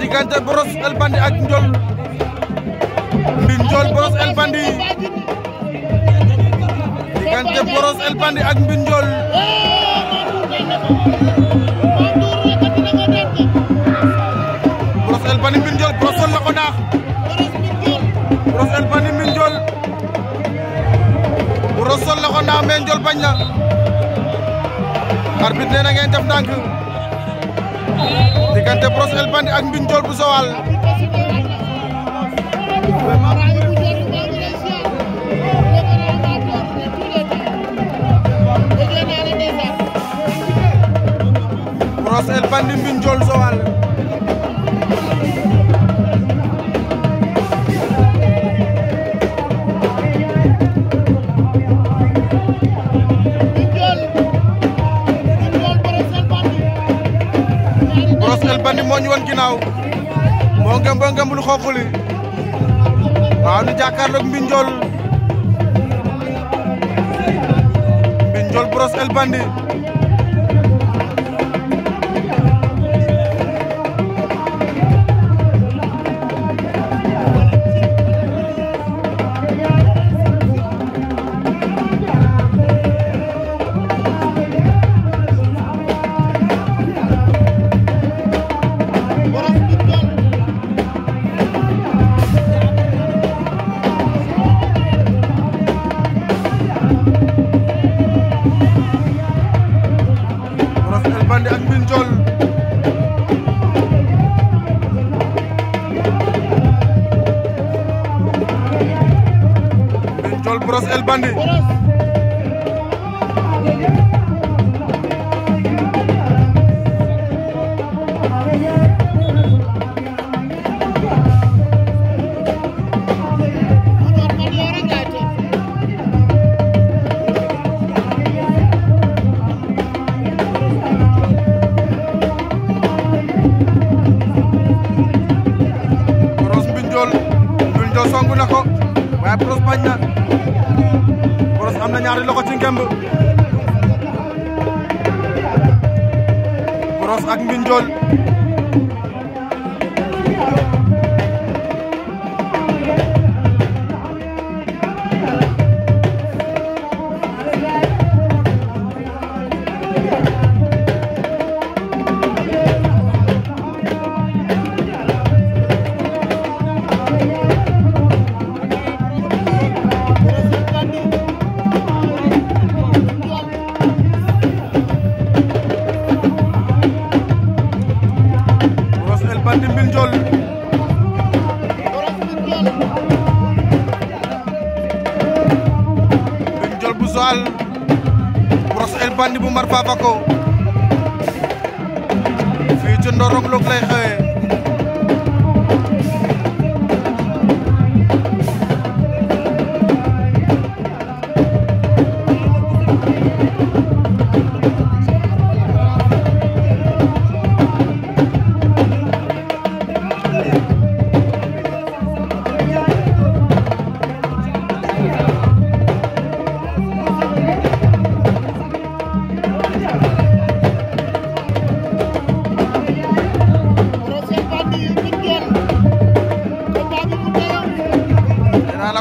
diggante Brosse El Bandit ak njol di njol boros El Bandit diggante boros El Bandit ak mbinjol boros Brosse El Boros Mbine Ndiol Brosse ko naax boros El Bandit Mbine Boros Brosse na ko naax mais bañ arbitre na ngeen def dank diggante Brosse El Bandit ak Mbine bu Joal ñu wan ginnaaw moo ngëm ba ngëm lu xonq li waaw nu jàkkaarloog Mbine Ndiol Mbine Ndiol Brosse bandi Songu na ko waaye Brosse bañ na ñaari loxo ci ngemb Brosse ak Mbinjool Joal brosse El Bandit Mar Fafako fii ci Ndorong Log lay xewee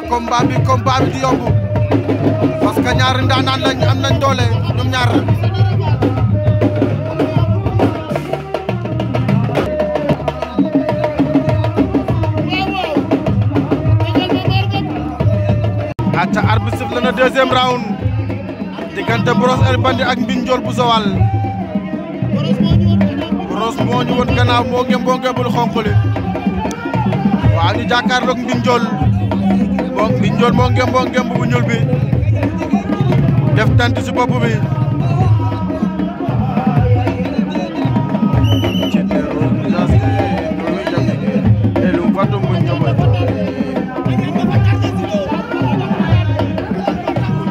combat bi combat bi di yomb parce que nda nan lañ am nañ doole ñoom ñaar aca arbitre la na deuxième round diggante bros El bandi ak Mbine Ndiol bu sawal bros mo ñu won gannaaw mo ngem bo ngembul xonq li waaw ñu jàkkaarloog Mbine Ndiol Ligne Ndiol moo ngemb boo ngemb bu ñuul bi def tant si bopp bi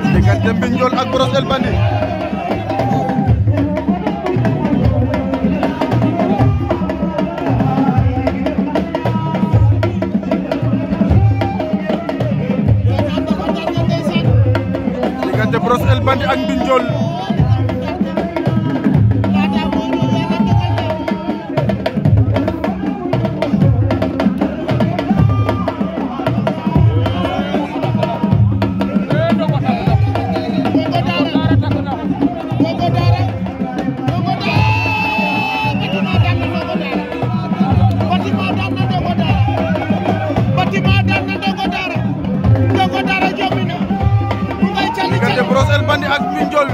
Diggante Mbine Ndiol ak Brosse El Bandi ak Mbine Ndiol Ngandi ak Mbinjol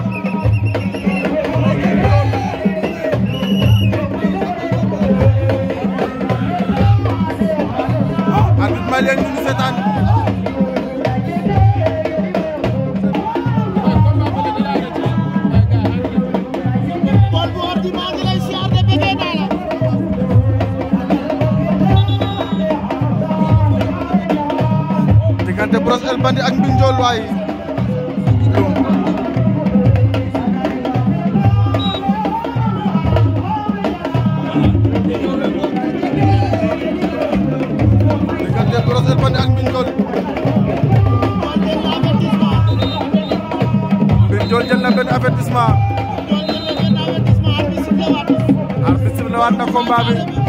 arbitre may leen ñu seetaan diggante Brosse El Bandit ak Mbine Ndiol waay ñëwaat na combat bi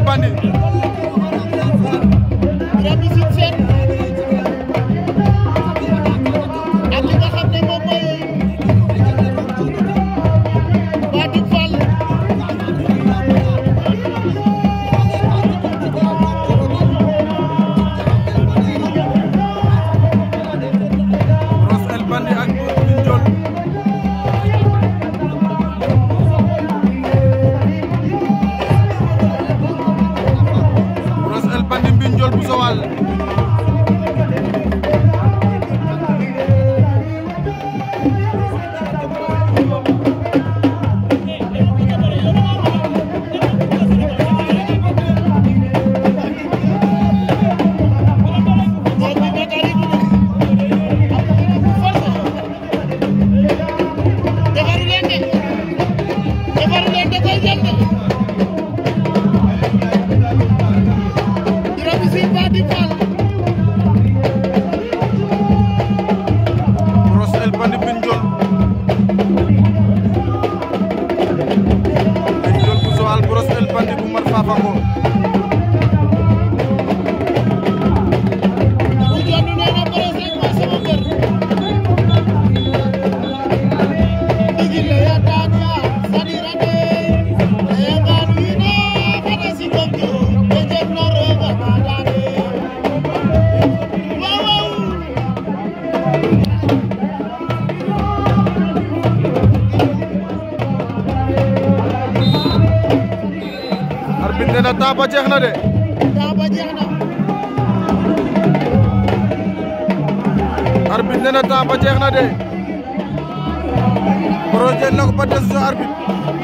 Bandi help arbitre nee na temps ba jeex na de. temps ba jeex ba jeex na de. Brosse jël na ko ba des sa